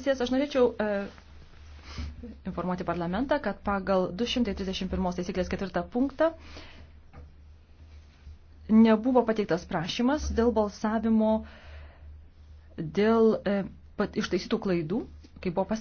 Teisės, aš norėčiau e, informuoti parlamentą, kad pagal 231 taisyklės ketvirtą punktą nebuvo pateiktas prašymas dėl balsavimo dėl e, ištaisytų klaidų, kai buvo paskelbta.